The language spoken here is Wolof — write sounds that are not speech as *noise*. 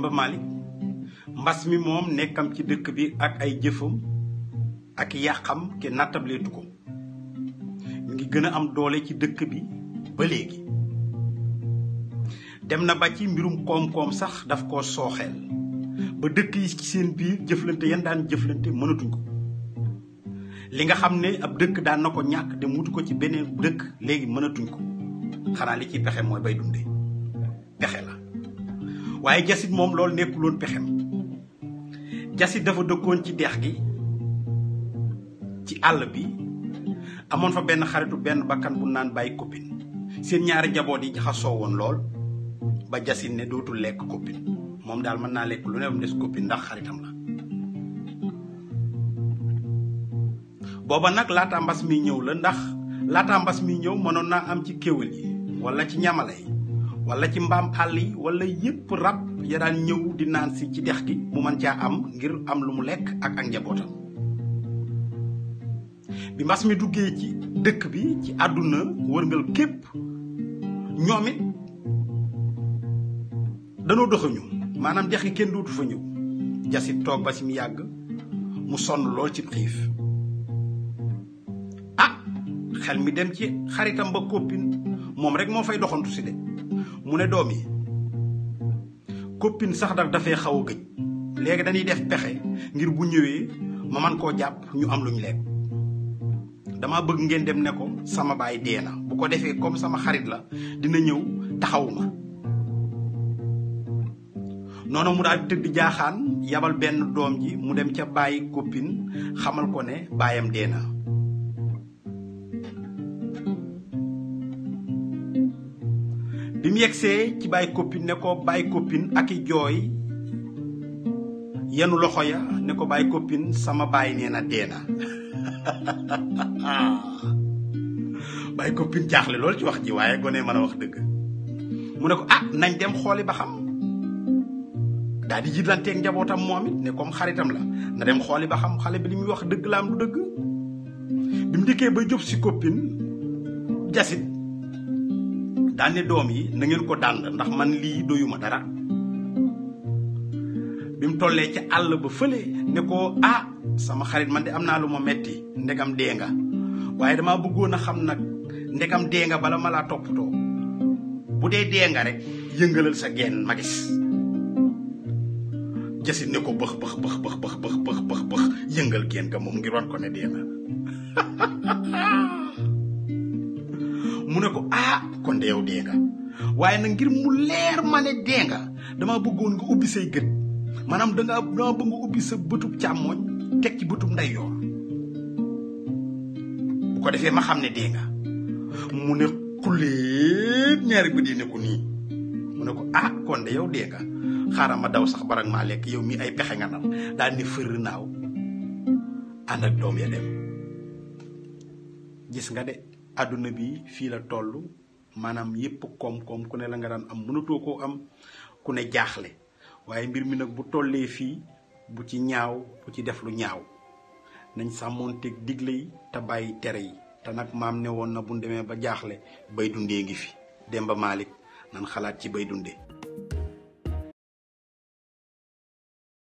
Demba Malick mbas mi moom nekkam ci dëkk bi ak ay jëfam ak yàqam te nattableetu ko mi ngi gën a am doole ci dëkk bi ba léegi dem na ba ci mbirum koom-koom sax daf ko sooxeel ba dëkk yi ci seen biir jëflante yan daan jëflante mënatuñ ko li nga xam ne ab dëkk daan na ko ñàkk dem wutu ko ci beneen dëkk léegi mënatuñ ko xanaa li ci pexe mooy bay dunde pexe la waaye jasit moom loolu nekkuloon pexem jasit dafa dëkkoon ci deex gi ci àll bi amoon fa benn xaritu benn bakkan bu naan bàyyi copine seen ñaari jaboot yi xasoo woon lool ba jasit ne dootul lekk copine moom daal mën naa lekk lu ne am des copine ndax xaritam la booba nag laata mbas mi ñëw la ndax laata mbas mi ñëw mënoon naa am ci kéwél yi wala ci ñamale yi wala ci mbaam àll yi wala yëpp rab ya daan ñëw di naan si ci dex gi mu mën caa am ngir am lu mu lekk ak ak njabootam bi mbas mi duggee ci dëkk bi ci àdduna wërngal képp ñoom it danoo doxañu maanaam dex gi kenn dootu fa ñëw jasit toog ba si mu yàgg mu sonn lool ci xiif ah xel mi dem ci xaritam ba koppin moom rek moo fay doxantu si de mu ne doom yi copine sax daf dafay xaw gëj léegi dañuy def pexe ngir bu ñëwee ma man koo jàpp ñu am lu ñu lekk dama bëgg ngeen dem ne ko sama baay dee na bu ko defee comme sama xarit la dina ñëw taxawu noonu mu daal tëdd jaaxaan yabal benn doom ji mu dem ca bàyyi copine xamal ko ne baayam dee na bi mu yegsee ci bàyyi copine ne ko bàyyi copine ak i jooy yenu loxo ya ne ko bàyyi copine sama bàyyi nee na dee na *laughs* bàyyi copine jaaxle lool ci wax ji waaye gone man a wax dëgg mu ne ko ah nañ dem xooli ba xam daal di jiitlanteeg njabootam moom it ne comme xaritam la na dem xooli ba xam xale bi li muy wax dëgg la am du dëgg bi mu dikkee ba jub si copine jasit daan ne doom yi na ko dànd ndax man lii doyuma dara bi tollee ca àll ba fële ne ko ah sama xarit man de am naa lu ma metti ndegam dee nga waaye damaa bëggoon a xam nag ndegam dee nga bala malaa laa bu dee dee nga rek yëngalal sa genn ma gis jasit ko bëx bëx bëx bëx bëx bëx bëx yëngal genn ga moom ngir wan ko ne dee na *laughs* mu ne ko ah kon de yow dee nga waaye nag ngir mu leer ma ne dee nga dama bëggoon nga ubbi say gët maanaam danga dama bëgg nga ubbi sa bëtub càmmooñ kek ci bëtub ndeyjoor bu ko defee ma xam ne dee nga mu ne xuleet ñaari bët yi nii mu ne ko ah kon yow dee nga xaaral ma daw sax barag maa lekk yow mii ay pexe nga nal daal ni fër naaw ànd doom ya dem gis nga de àdduna bi fii la toll maanaam yépp koom-koom ku ne la nga daan am mënatoo koo am ku ne jaaxle waaye mbir mi nag bu tollee fii bu ci ñaaw bu ci def lu ñaaw nañ teg digle yi te bàyyi tere yi te nag maam ne woon na bu demee ba jaaxle bay dundee ngi fi Demba Malick nan xalaat ci bay dundee